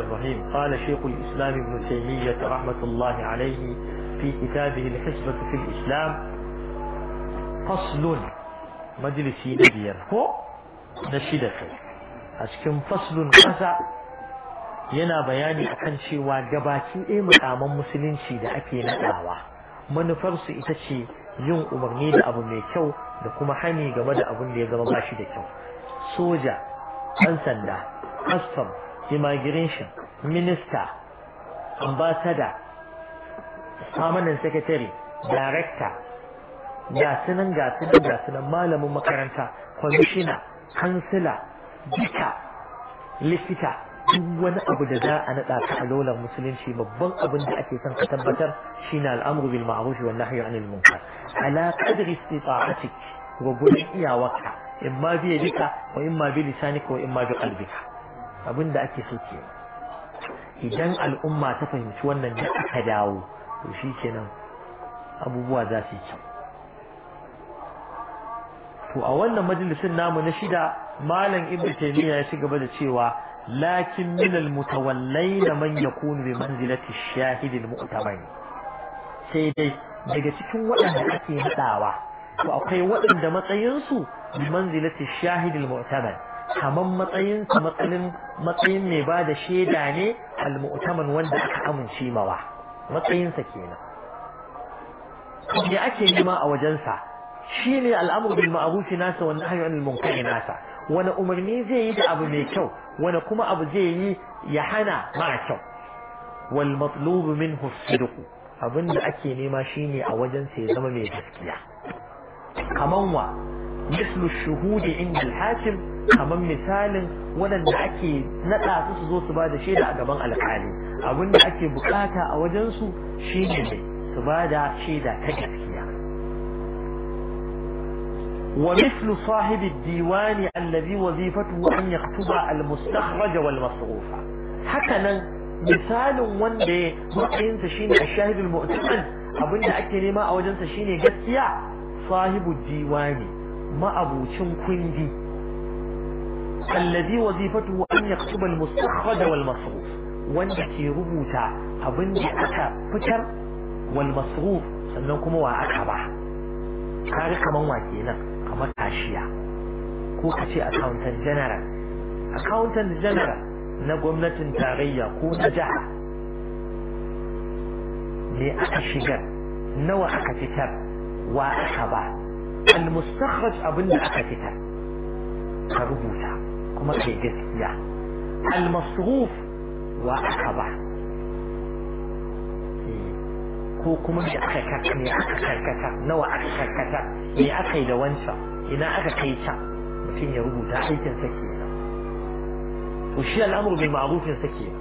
الرحيم قال شيخ الإسلام ابن تيمية رحمة الله عليه في كتابه الحسبة في الإسلام فصل مجلس نبير yana bayani akan cewa gabaki ɗaya mukaman musulunci da ake naɗawa manufarsu ita ce yin umarni da abu mai kyau da kuma hani game da abin da ya zama shi da kyau soja ɗan sanda immigration minister ambassador permanent secretary director ga sunan ga su sunan ga sunan malamin makaranta commissioner kansila duka likita duk wani abu da za a nada ka a musulunci babban abin da ake son ka tabbatar shine al'amru bil ma'ruf wal nahyi anil munkar ala qadri istita'atik wa gurin iyawarka ma bi yadika wa in ma bi lisanika wa in ma bi qalbika abin da ake so ke idan al'umma ta fahimci wannan da aka dawo to shi kenan abubuwa za su yi kyau to a wannan majalisin namu na shida malam ibnu taymiya ya ci gaba da cewa lakin min almutawallaina man yakunu bi manzilati ash-shahid al-mu'tamin sai dai daga cikin waɗanda ake hadawa to akwai waɗanda matsayinsu bi manzilati ash-shahid al-mu'tamin kamar matsayin matsalin matsayin mai ba da shaida ne al-mu'taman wanda aka amince mawa matsayinsa kenan me ake nema a wajensa shine al'amru bil ma'ruf nasa wa nahyu anil munkar nasa wani umarni zai yi da abu mai kyau wani kuma abu zai yi ya hana mara kyau wal matlubu minhu sidq abinda ake nema shine a wajen sa ya zama mai gaskiya kaman wa مثل الشهود عند الحاكم كمان مثال ولد أكي نتعى تسوزو سبادة شيء دع قبان على كالي أقول أكي بقاكا أو جنسو شيء جدي سبادة شيء دع كجسكيا ومثل صاحب الديوان الذي وظيفته أن يكتب المستخرج والمصروف حكنا مثال وندي مقين تشيني الشاهد المؤتمن أقول أكي لما أو جنس شيء جسكيا صاحب الديواني ما أبو مأبوشن كندي الذي وظيفته أن يكتب المستخرج والمصروف وانتكي ربوتا أبندي أتا فتر والمصروف سنوكم وأكبع كاري كمان واكينا كما تاشيا كو كتي أكاونتن جنرال أكاونتن جنرال نقومنا تنتاغية كو نجاة لأكشيك نوى أكتتر وأكبع المستخرج أبن أكتها كربوثا كما كيجت يا المصروف وأكبع كو كما أكتك ني أكتك نو أكتك ني أكي دوانسا إنا أكتك مثل يربوثا أي تنسكي وشي الأمر بالمعروف يسكي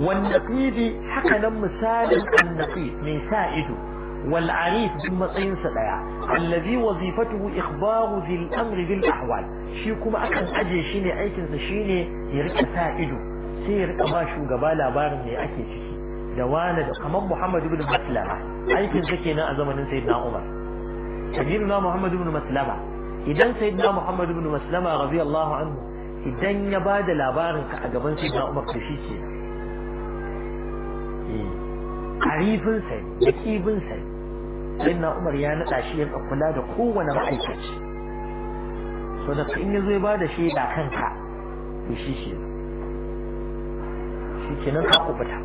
والنقيد حقنا مثال النقيد من سائده والعريف ثم صين سدايا الذي وظيفته اخبار ذي الامر بالاحوال شي كما اكن اجي شيني aikin sa shine ya rike sa'idu sai ya rike ba shugaba labarin me ake ciki da wani kamar Muhammad ibn Maslama aikin sa kenan a zamanin Sayyidina Umar sayyidina Muhammad ibn Maslama idan sayyidina Muhammad ibn Maslama radiyallahu anhu idan ya bada labarin ka a gaban sayyidina Umar da shi kenan karifin ne, da kibin sa sayyidina Umar ya naɗa shi ya kula da kowane ma'aikaci so da in zo ya bada shaida kanka to shi shi shi kenan ka kubuta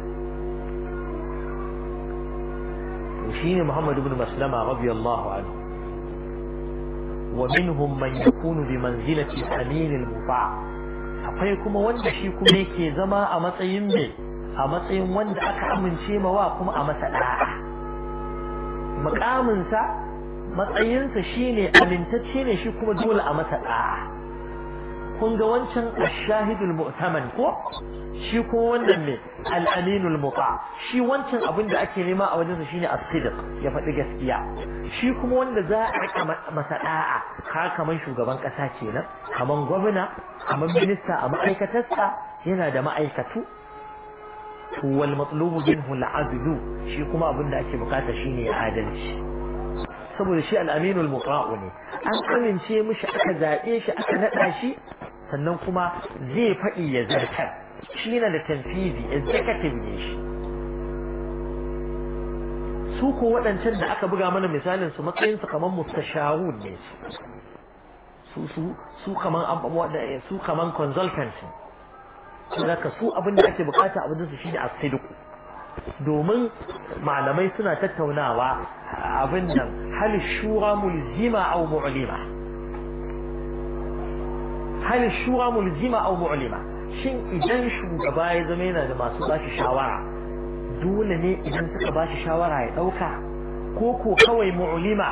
to shine Muhammad ibn Maslama radiyallahu anhu ومنهم من يكون بمنزلة الأمين المطاع akwai kuma wanda shi kuma yake zama a matsayin mai a matsayin wanda aka amince mawa kuma a masa da'a mukaminsa matsayinsa shine amintacce ne shi kuma dole a masa da'a kun ga wancan ashahidul mu'taman ko shi kuma wannan ne al-aminul muta shi wancan abin da ake nema a wajensa shine as ya faɗi gaskiya shi kuma wanda za a rika masa da'a ka kaman shugaban ƙasa kenan kaman gwamna kaman minista a ma'aikatarsa yana da ma'aikatu to wal matlubu minhu shi kuma abin da ake bukata shine adalci saboda shi al-aminu al ne an amince mishi aka zabe shi aka naɗa shi sannan kuma zai faɗi ya zartar shi yana da tanfizi executive ne shi su ko waɗancan da aka buga mana misalin su matsayin su kamar mustashawun ne su su su kaman su kaman consultant saboda su abin da ake bukata a wajen su shine sai duku domin malamai suna tattaunawa abin nan hal shura mulzima aw mu'lima hal shura mulzima aw mu'lima shin idan shugaba ya zama yana da masu bashi shawara dole ne idan suka bashi shawara ya dauka ko ko kawai mu'lima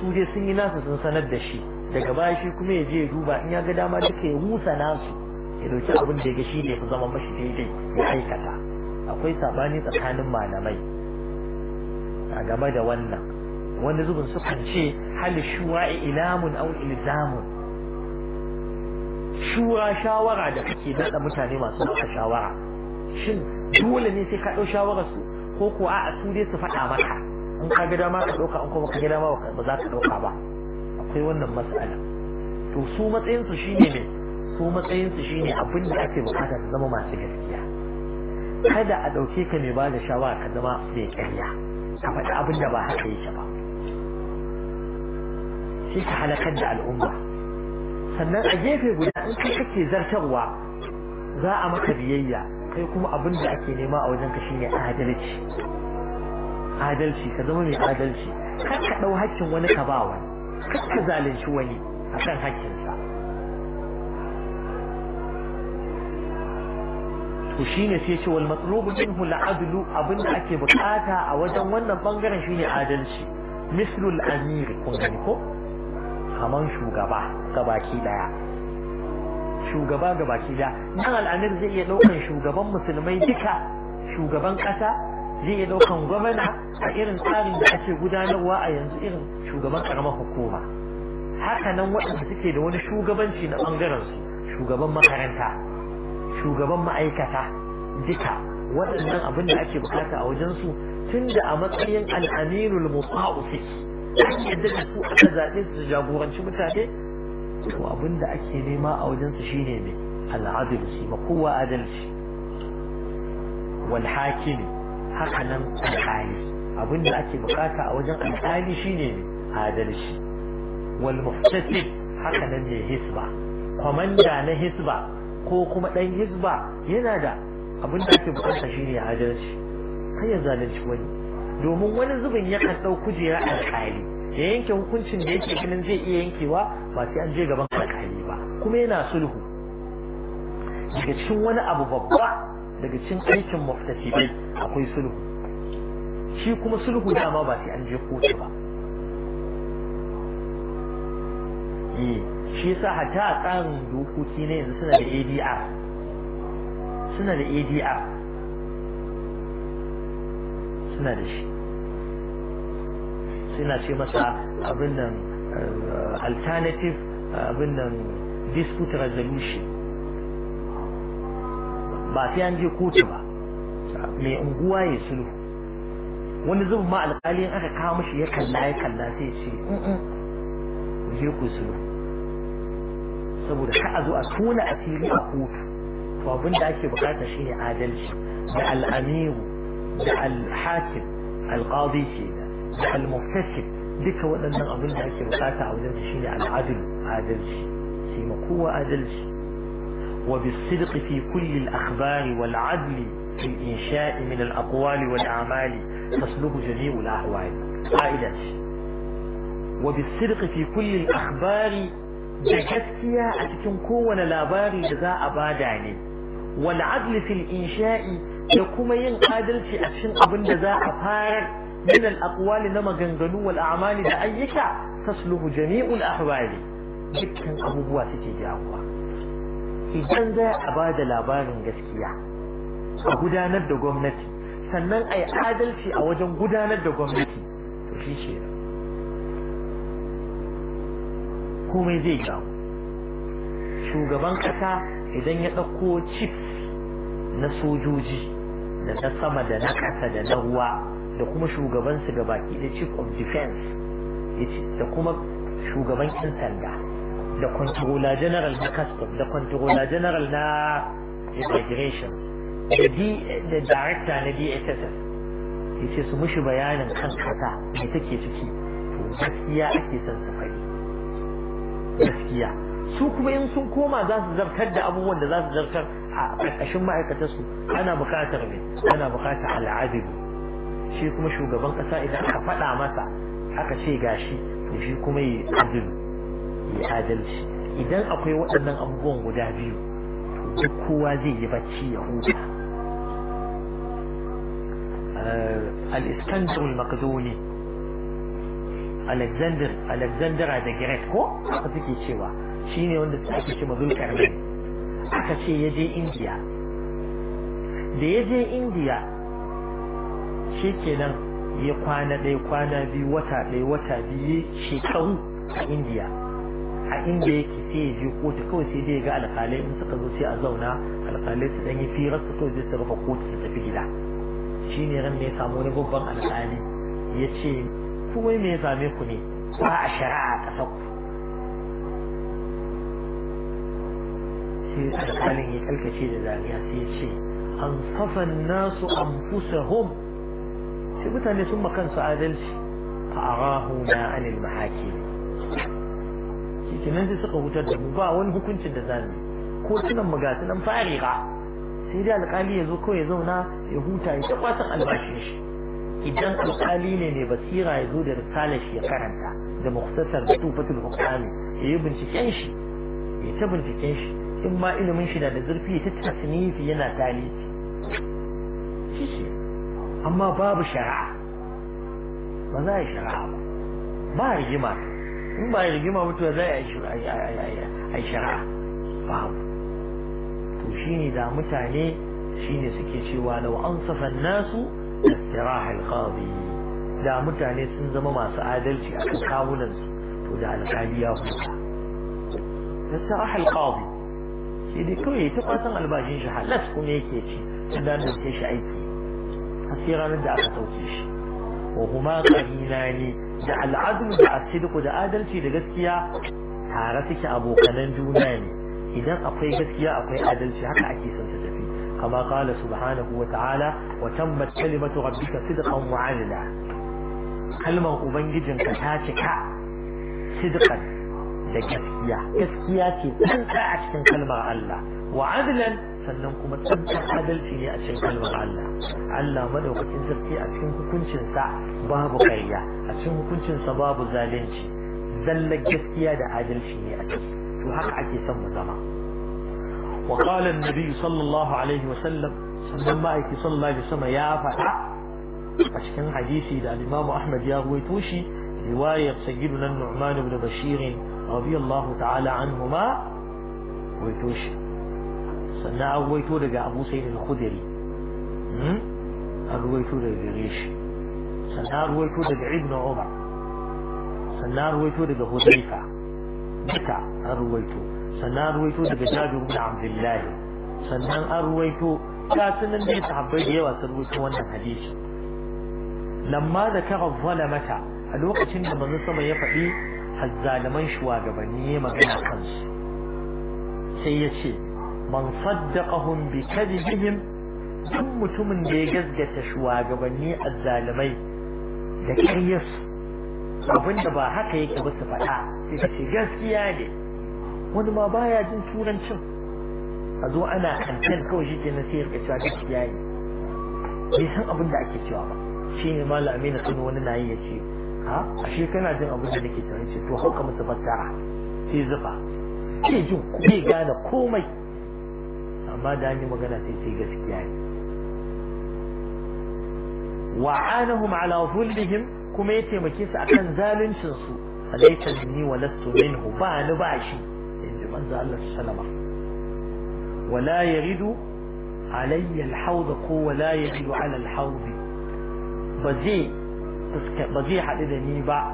su je sun yi nasu sun sanar da shi daga baya shi kuma ya je ya duba in ya ga dama duka ya rusa nasu ya dauki abin da ya ga ne ku zama mashi daidai ya aikata akwai sabani tsakanin malamai a game da wannan wanda zubin sukan ce hal shuwa ilamun aw ilzamun shuwa shawara da kake daɗa mutane masu maka shawara shin dole ne sai ka ɗau shawara su ko ko a su dai su faɗa maka in ka ga dama ka ɗauka in kuma ka ga dama ba za ka ɗauka ba akwai wannan matsala, to su matsayinsu shine ne su matsayinsu shine abin da ake bukata su zama masu gaskiya kada a ɗauke ka mai ba da shawara ka zama mai ƙarya ka faɗi abin da ba haka yake ba shi ka halakar da al'umma sannan a gefe guda in kai kake zartarwa za a maka biyayya kai kuma abin da ake nema a wajen ka shine adalci adalci ka zama mai adalci kar ka ɗau hakkin wani ka ba wani kar ka zalunci wani akan hakkinsa to shine sai ce wal matlubu minhu al abinda ake bukata a wajen wannan bangaren shine adalci Mislul al-amir kun gani ko kaman shugaba gabaki daya shugaba gabaki daya nan al zai iya daukan shugaban musulmai duka shugaban kasa zai iya daukan gwamna a irin tsarin da ake gudanarwa a yanzu irin shugaban karamar hukuma haka nan waɗanda suke da wani shugabanci na bangaren su shugaban makaranta shugaban ma'aikata duka waɗannan abin da ake bukata a wajensu tun da a matsayin al'aminul mutsa'ufi an yadda da su aka zaɓe su jagoranci mutane to abin da ake nema a wajensu shine mai al'adil ma kowa adalci wal hakimi haka nan al'ali abin da ake bukata a wajen al'ali shine mai adalci wal hakanan haka nan mai hisba kwamanda na hisba ko kuma ɗan hizba yana da abin da ake bukata shine adalci kai ya zalunci wani domin wani zubin ya ɗau kujera alƙali ya yanke hukuncin da yake ganin zai iya yankewa ba sai an je gaban alƙali ba kuma yana sulhu daga cikin wani abu babba daga cikin aikin bai akwai sulhu shi kuma sulhu dama ba sai an je kotu ba eh. shi yasa hatta a tsarin dokoki ne yanzu suna da ADR suna da ADR suna da shi suna ce masa abin nan eh, alternative eh, abin nan dispute resolution ba sai an je kotu ba mai unguwa ya sulhu wani zubin ma alƙali aka kawo mashi ya kalla ya kalla sai ce je ku sulhu saboda ka a zo a tona asiri a kotu to abin da ake bukata shine adalci da al'amiru da al-hakim al-qadi ke da al-muftasib duka waɗannan abin da ake bukata a wajen shine al-adl adalci sai ma kowa adalci wa fi kulli وبالصدق في كل الأخبار والعدل في الإنشاء wal amali tasluhu jami'u جميع الأحوال قائلا وبالصدق في كل الأخبار da gaskiya a cikin kowane labari da za a bada ne wal adl fil insha'i da kuma yin adalci a cikin abin da za a fara min al aqwali na maganganu wal a'mali da ayyuka tasluhu jami'ul ahwali dukkan abubuwa suke jawowa idan za a bada labarin gaskiya a gudanar da gwamnati sannan a yi adalci a wajen gudanar da gwamnati to shi komai zai gyaru shugaban kasa idan ya ɗauko cif na sojoji da na sama da na ƙasa da na ruwa da kuma shugabansu ga baki da chief of defense da kuma shugaban yan sanda da controller general na custom da controller general na immigration da director na dss ya ce su mushi bayanin kan kasa da take ciki to gaskiya ake son su fari gaskiya su kuma in sun koma za su zartar da abubuwan da za su zartar a ƙarƙashin ma'aikatarsu ana buƙatar ne ana buƙatar al'adibu shi kuma shugaban ƙasa idan aka faɗa masa aka ce gashi to shi kuma yi adil yi adalci idan akwai waɗannan abubuwan guda biyu to duk kowa zai yi bacci ya huta eh, al-iskandar al alexander alexandra da great ko haka suke cewa shine wanda ake mazul zulkarnain aka ce ya je india da ya je india shikenan ya kwana ɗaya kwana biyu wata ɗaya wata biyu shekaru a indiya a inda yake sai ya je kotu kawai sai dai ga alƙalai in suka zo sai a zauna alƙalai su ɗan yi firar su kawai zai su rufe kotu su tafi gida shine ran ne ya samu wani babban alƙali ya ce Kuma mai me ya same ku ne ba a shari'a a ku sai alƙalin ya kalkace da zariya sai ya ce an kafa nasu an fusa hom sai mutane sun makansu adalci a arahu na anil mahaki kenan sai suka hutar da mu ba wani hukuncin da zamu ko tunan mu fari ba sai dai alƙali ya zo kawai ya zauna ya huta ya ta kwasan albashin shi idan alƙali ne ne basira ya zo da risalar shi ya karanta da muktasar da tufatul hukami ya yi binciken shi ya ta binciken shi in ma ilimin shi na da zurfi ta tasnifi yana talifi shi ce amma babu shari'a ba za a yi shari'a ba ba a rigima in ba a rigima mutuwa za a yi shari'a babu to shine da mutane shine suke cewa lau an nasu اقتراح da mutane sun zama masu adalci a kan kawunansu to da alƙali ya huta a القاضي sai dai kawai ta kwasan albashin shi halas kuma yake ci tun da dauke shi aiki a sai ranar da aka sauke shi wa huma qarinani da al'adl da asidku da adalci da gaskiya tare suke abokanan juna ne idan akwai gaskiya akwai adalci haka ake son كما قال سبحانه وتعالى وتمت كلمة ربك صدقا وعدلا كلمة أبنجدك تاتك صدقا da gaskiya gaskiya ce tsanta a cikin kalmar Allah wa adlan sannan kuma tsantar adalci ne a cikin kalmar Allah Allah madaukakin sarki a cikin hukuncinsa babu ƙarya a cikin hukuncinsa babu zalunci zallar gaskiya da adalci ne a ciki to haka ake son mu zama وقال النبي صلى الله عليه وسلم سنن ايكي صلى الله عليه وسلم يا فتا اشكن حديثي دا الامام احمد يا غويتوشي رواية سيدنا النعمان بن بشير رضي الله تعالى عنهما غويتوشي توشي سنة هو توشي ابو سيد الخدري هو توشي ريش سنة هو توشي ابن عمر سنة هو توشي هو توشي دكا sannan ruwaito daga jabir abdullahi sannan an ruwaito ga sunan da sahabbai da yawa sun ruwaito wannan hadisi lamma da kara mata a lokacin da manzon sama ya faɗi hazzalaman shugabanni ya magana kansu sai ya ce man saddaqahum bi kadhibihim duk mutumin da ya gaskata shugabanni azzalimai da ƙaryarsu abinda ba haka yake ba su faɗa sai ce gaskiya ne wani ma baya jin turancin a zo ana kankan kawai shi ke na sayar da cewa gaskiya ne bai san abin da ake cewa ba shi ne mala amina kano wani na yi ya ce ha a shi kana jin abin da nake cewa ce to hauka musu fassara sai zufa ke jin bai gane komai amma da an yi magana sai sai gaskiya ne wa'anahum ala zulmihim kuma ya taimake su akan zaluncin su alaysa minni wa lastu minhu ba ni ba shi أنزل السلمة ولا يرد علي الحوض قوة لا يرد على الحوض بزي بزي حد إذا نيبع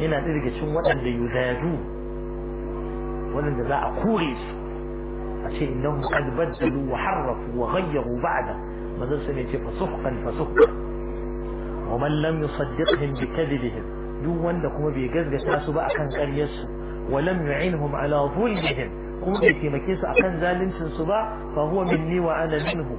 هنا تلك سنوة أن يذادو ولن تباع كوريس أشي إنهم قد بدلوا وحرفوا وغيروا بعده ماذا سنتي فسحقا فسحقا ومن لم يصدقهم بكذبهم دون لكم بيجزجة ناسوا بقى كان كان ولم يعينهم على ظلمهم قومي طيب. في مكيس أقن ذالين سنصبا فهو مني وأنا منه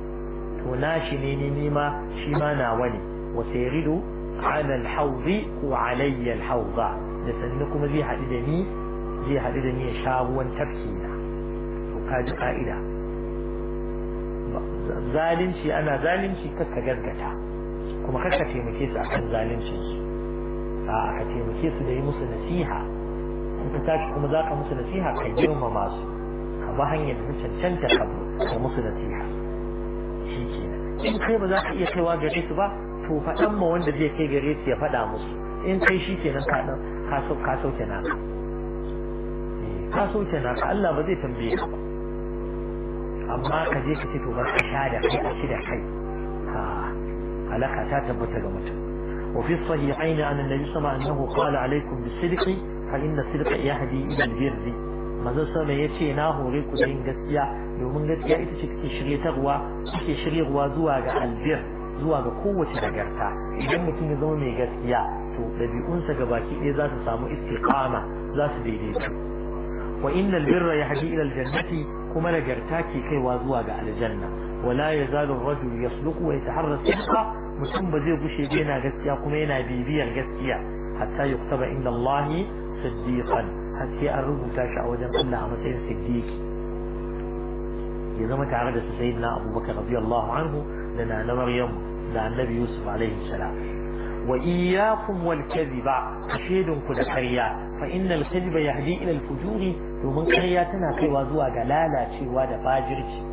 تناشني نيما شما ناولي وسيغل على الحوض وعلي الحوض لسنكم ذي حديدني ذي حديدني شاغوا تبكينا وكاد قائلا ذالين شي أنا ذالين شي كتغرغتا كما كتغرغتا في مكيس أقن ذالين شي فأكتغرغتا في مكيس ذي مسنسيها in tashi kuma za ka musu nasiha ka girma ka ba hanyar da cancanta ka ka musu nasiha shi ke in kai ba za ka iya kaiwa gare su ba to faɗan ma wanda zai kai gare su ya faɗa musu in kai shi kenan ka ɗan ka sauke naka eh, ka sauke naka Allah ba zai tambaye ka amma ka je ka ce to ba ka sha da kai a ci da kai ha ta tabbata ga mutum وفي الصحيحين عن النبي صلى الله عليه وسلم أنه قال عليكم بالصدق fa inna sidqa yahdi ila albirri manzo sama yace na hore ku da yin gaskiya domin gaskiya ita ce take shiryatarwa take shiryarwa zuwa ga albir zuwa ga kowace nagarta idan mutum ya zama mai gaskiya to ɗabi'unsa ga baki ɗaya za su samu istiqama za su daidaitu wa innal birra yahdi ila aljannati kuma nagarta ke kaiwa zuwa ga aljanna wala yazalu ar-rajulu yasluqu wa yataharra sidqa mutum ba zai gushe ba yana gaskiya kuma yana bibiyar gaskiya hatta yuktaba inda Allah صديقا هل سي الرجل تاشع وجن الله مسير صديق يزم تعرض سيدنا أبو بكر رضي الله عنه لنا لمريم لأن النبي يوسف عليه السلام وإياكم والكذب تشهد كل حرياء فإن الكذب يهدي إلى الفجور ومن قرياتنا في وزوى جلالة في وادة فاجرك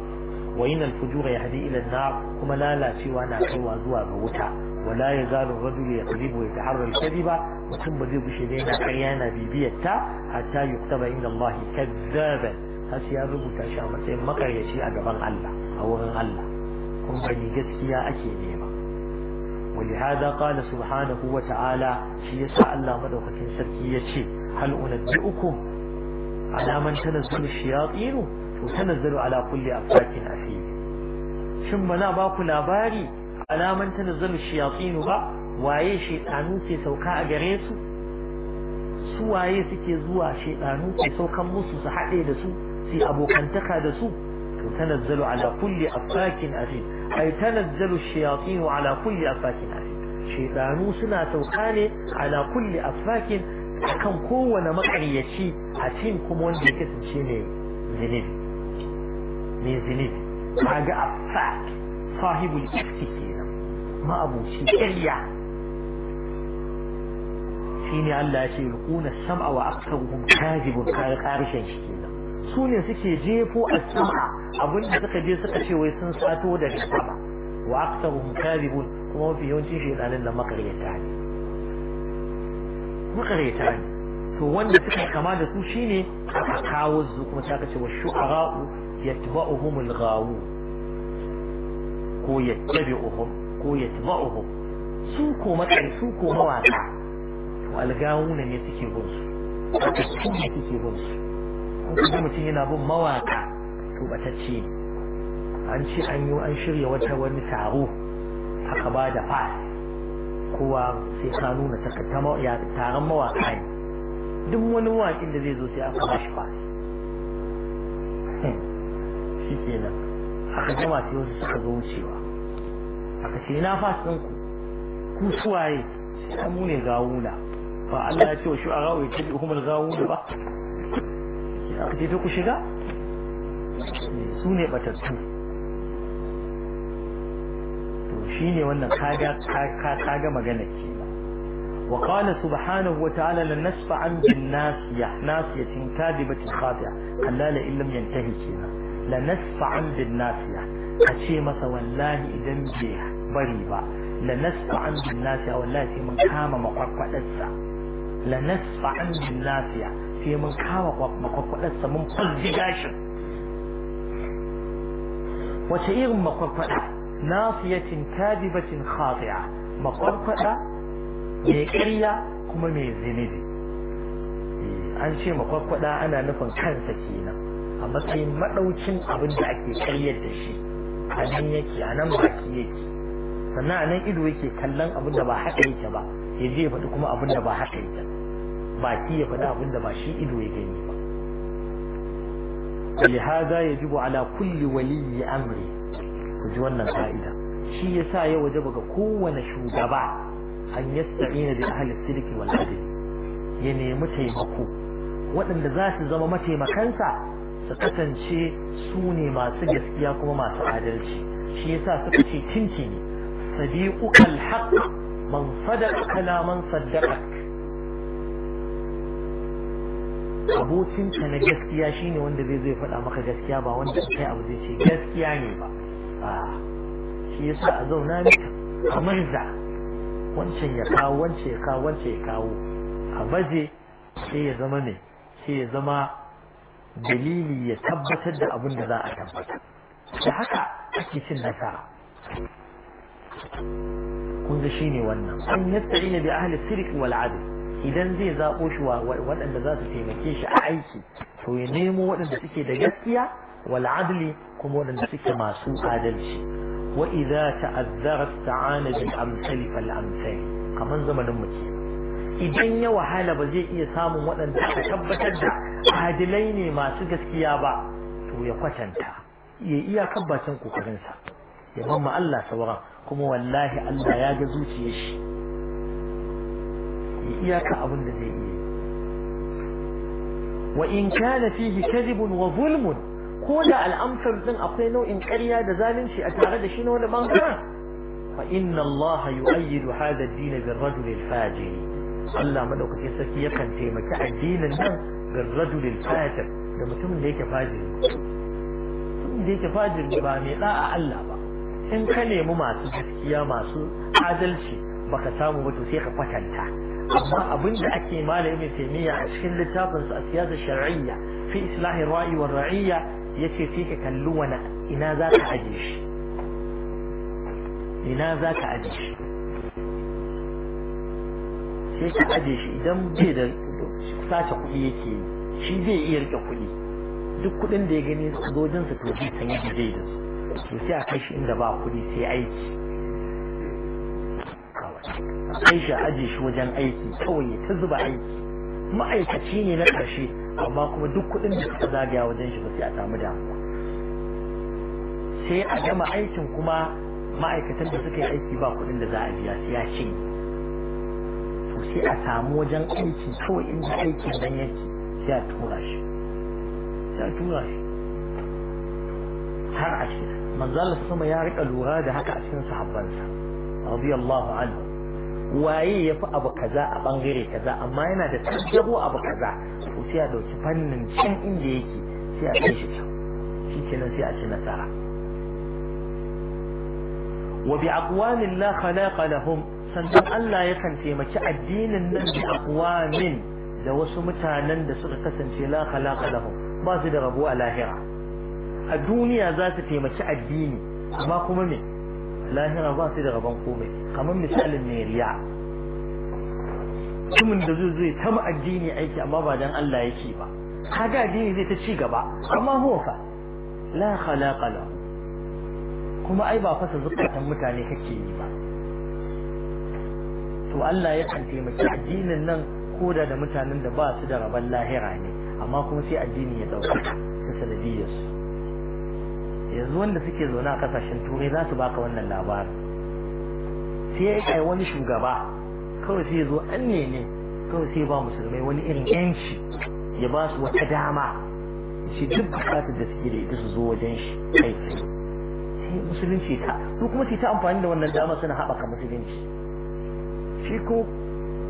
وإن الفجور يهدي إلى النار كما لا لا في وانا في وزوى ولا يزال الرجل يكذب ويتحرى الكذبة وثم ذي بشدين دينا ببيتا بيبيتا حتى يكتب عند الله كذابا هسي أربو تاشا مسيم مكر يشيء أجبان الله أو غن الله هم بني جسكيا أكي نيما ولهذا قال سبحانه وتعالى شيء سأل الله مدوخة سركية هل أنبئكم على من تنزل الشياطين وتنزل على كل أفاك أثيم ثم bana ba alaman ta nazzalu shayatin ba waye shaytanu ke sauka a gare su su waye suke zuwa shaytanu ke saukan musu su haɗe da su su abokantaka da su to tanazzalu ala kulli afakin afi ai ta tanazzalu shayatin ala kulli afakin afi shaytanu suna sauka ne ala kulli afakin kan kowane makaryaci a cikin kuma wanda ya kasance mai zinibi ne zinibi kaga afak sahibul ifki kenan ma abuci ƙarya shine Allah ya ce yulquna sam'a wa aktharuhum kadhibun karshen shi kenan su ne suke jefo as-sam'a abinda suka je suka ce wai sun sato da sama wa aktharuhum kadhibun kuma mafi yawancin shedanin nan makaryata ne makaryata ne to wanda suka kama da su shine aka kawo su kuma ta kace wa shu'ara'u yatba'uhumul ghawu ko ya yattabi'uhum ko ya yatba'uhum su ko makai su ko mawaka to algawuna ne suke bin su su ne suke bin su kuma mutum yana bin mawaka to ba ta ce an ce an yi an shirya wata wani taro aka ba da fas kowa sai ka nuna taron mawaka ne duk wani mawakin da zai zo sai aka ba shi fas hmm. shi kenan aka gama sai wasu suka zo wucewa aka ce ina fas ɗinku ku suwaye sai mu ne gawuna ba Allah ya ce shi a gawo yace hum al-gawuna ba aka ce ku shiga su ne batattu to shine wannan kaga kaga magana ke wa wa qala subhanahu ta'ala lan nasfa an وقال سبحانه وتعالى لن نسفع عن بالناسية ناسية كاذبة خاطئة yantahi kina lan nasfa an لنسفع nas ya ace masa wallahi idan bai bari ba lanasfa an bin nafiya wallahi sai mun kama makwakwadarsa lanasfa an bin sai mun kama makwakwadarsa mun fulji gashin wace irin makwakwada nafiyatin kadibatin khati'a makwakwada mai ƙarya kuma mai zunubi eh, an ce makwakwada ana nufin kansa kenan a matsayin madaukin abin da ake karyar da shi a nan yake a nan baki yake sannan anan ido yake kallon abin da ba haka yake ba ya je ya faɗi kuma abin da ba haka yake baki ya faɗi abin da ba shi ido ya gani ba ولهذا ala kulli كل amri ku ji wannan ka'ida shi yasa ya waje ga kowane shugaba an yasta'ina da ahli siliki wal adl ya nemi taimako waɗanda za su zama mataimakansa su kasance su ne masu gaskiya kuma masu adalci shi yasa suka ce tinki ne صديقك الحق من صدقك لا من صدقك abokinka na gaskiya shine wanda zai zai faɗa maka gaskiya ba wanda kai abu zai ce gaskiya ne ba shi yasa a zauna mika a marza wancan ya kawo wancan ya kawo wancan ya kawo a baje sai ya zama ne sai ya zama dalili ya tabbatar da abin da za a tabbatar da haka ake cin nasara كون دشيني وانا ان نتعين باهل السرك والعدل اذا زي ذا قشوة وانا ذا تتمكيش اعيكي هو ينيمو وانا تسكي دقاتيا والعدل كم وانا تسكي ما سوء عدلش واذا تأذرت تعاند الامثال فالامثال كمان زمن امكي idan ya wahala ba zai iya samun waɗanda aka tabbatar da adalai ne masu gaskiya ba to ya kwatanta ya iya kabbacin kokarinsa ya bamma Allah sauran kuma wallahi Allah ya ga zuciyar shi iyaka abin da zai iya wa in kana fihi kadhibun wa zulmun ko da al'amsar din akwai nau'in ƙarya da zalunci a tare da shi na wani bangaren fa inna Allah yu'ayyidu hadha ad-din bil rajul al-fajir Allah madaukakin sarki yakan taimaki addinin nan bil rajul al-fajir da mutumin da yake fajiri mutumin da yake fajiri ba mai da'a Allah in ka nemi masu gaskiya masu adalci baka samu ba to sai ka kwatanta amma abin da ake mala ibn taymiya a cikin littafin sa a siyasar shar'iyya fi islahi ra'i wa ra'iyya yace sai ka kalli wani ina za ka aje shi ina za ka aje shi sai ka aje shi idan bai da sace kuɗi yake yi shi zai iya rike kuɗi duk kuɗin da ya gani su zo jinsa to zai san yadda zai da su to sai a kai shi inda ba kuɗi sai aiki a kai shi a aje shi wajen aiki kawai ta zuba aiki ma'aikaci ne na ƙarshe amma kuma duk kuɗin da suka zagaya wajen shi ba sai a samu da sai a gama aikin kuma ma'aikatan da suka yi aiki ba kuɗin da za a biya sai ya ce to sai a samu wajen aiki kawai inda aiki dan yake sai a tura shi sai a tura shi har a shi manzal sama ya rika lura da haka a cikin sahabbansa radiyallahu anhu waye ya fi abu kaza a bangare kaza amma yana da tattabo abu kaza to sai a dauki fannin can inda yake sai a kai shi can shi kenan sai a ci nasara wa bi aqwamin la khalaqa lahum sannan Allah yakan taimaki addinin nan bi aqwamin da wasu mutanen da suka kasance la khalaqa lahum ba su da rabuwa a lahira a duniya za su taimaki addini amma kuma me lahira ba su da rabon komai kamar misalin mai mutumin da zai zai ta addini aiki amma ba dan Allah yake ba kaga addini zai ta ci gaba amma hofa la khalaqa la kuma ai ba fasa zukatan mutane kake yi ba to Allah ya kan taimaki addinin nan koda da mutanen da ba su da rabon lahira ne amma kuma sai addini ya dauka ta su. yanzu wanda suke zaune a kasashen turai za su baka wannan labarin sai ya kai wani shugaba kawai sai ya zo an nene kawai sai ba musulmai wani irin yanci ya ba su wata dama shi duk bukatar da suke da ita su zo wajen shi kai sai musulunci ta su kuma su ta amfani da wannan dama suna haɓaka musulunci shi ko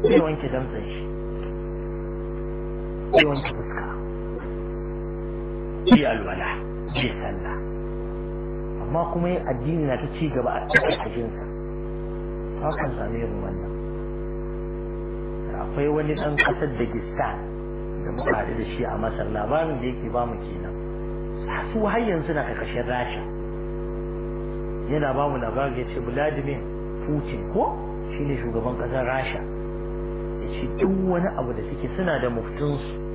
zai wanke damtsan shi zai wanke fuska zai alwala zai sallah amma kuma addini na ta ci gaba a ta kan same yin wannan akwai wani ɗan ƙasar gista da muka haɗu da shi a Masar labarin da yake bamu kenan su har yanzu na ƙarƙashin Rasha yana bamu labarin ya ce Vladimir Putin ko shine shugaban ƙasar Rasha ya ce duk wani abu da suke suna da muftinsu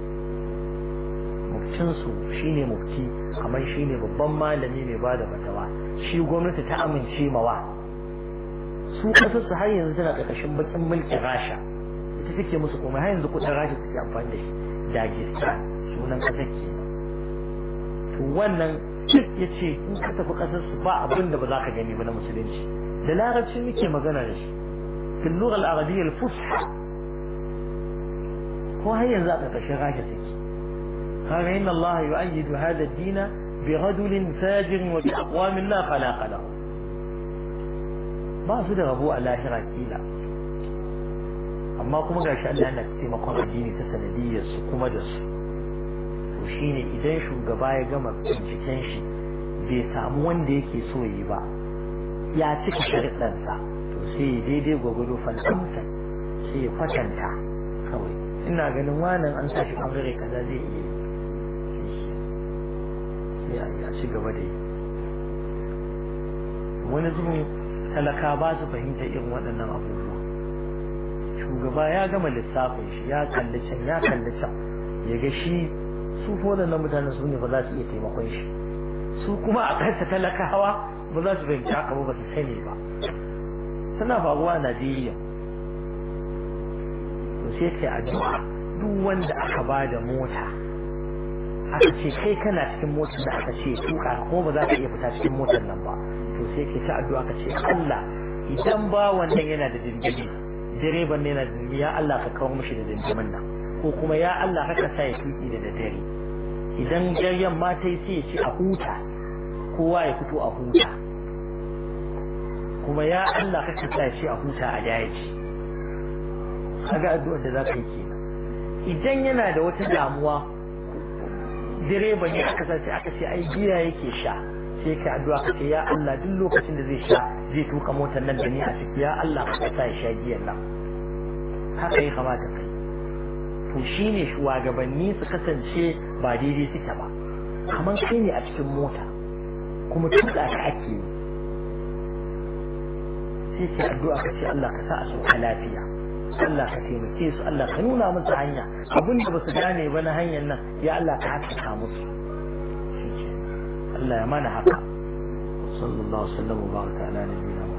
makwabcinsu shine mufti kamar shine babban malami mai bada fatawa shi gwamnati ta amince mawa su kasar har yanzu tana ƙarƙashin bakin mulkin rasha ita take musu kuma har yanzu kudin rasha suke amfani da shi dagestan sunan ƙasar ke to wannan duk ya ce in ka tafi ƙasar su ba abin da ba za ka gani ba na musulunci da larabci muke magana da shi fil lugha al-arabiyyah fusha ko har yanzu a ƙarƙashin rasha take kaga inna Allah yu'ayyidu hadha ad-din bi rajulin fajir wa bi aqwamin la khalaqa lahu ba su da rabo a lahira kila amma kuma gashi Allah na taimakon addini ta sanadiyyar su kuma da su to idan shugaba ya gama binciken shi bai samu wanda yake so yi ba ya cika sharuɗansa sa. sai daidai gwagwado falkamsa sai ya kwatanta kawai ina ganin wanan an sa shi ɓangare kaza zai iya ne a ci da yi wani zuwa talaka ba su fahimta irin waɗannan abubuwa shugaba ya gama lissafin shi ya kalli can ya kalli can ya ga shi su na mutanen su ne ba za su iya taimakon shi su kuma a kansa talakawa ba za su fahimci haka ba su sani ba suna faruwa a najeriya to sai kai addu'a duk wanda aka ba da mota aka ce kai kana cikin motar da aka ce tuka ko ba za ka iya fita cikin motar nan ba to sai ke ta addu'a ka ce Allah idan ba wannan yana da dindimi direban yana da dindimi ya Allah ka kawo mishi da dindindin nan ko kuma ya Allah haka sa ya tuki da dare idan garyan ma ta yi sai ya ce a huta kowa ya fito a huta kuma ya Allah haka sa ya ce a huta a daji kaga addu'ar da za ka yi kenan idan yana da wata damuwa direba ne aka sace aka ce ai giya yake sha sai ka addu'a ka ce ya Allah duk lokacin da zai sha zai tuka motar nan da ni a ciki ya Allah ka sa ya sha giyan nan haka ya kamata kai to shine shugabanni su kasance ba daidai suke ba kamar kai ne a cikin mota kuma tuka ka ake yi sai ka addu'a ka ce Allah ka sa a sauka lafiya Allah ka taimake su Allah ka nuna musu hanya abinda ba su gane ba na hanyar nan ya Allah ka haskaka musu Allah ya mana haka sallallahu alaihi wa sallam wa baraka ala nabiyina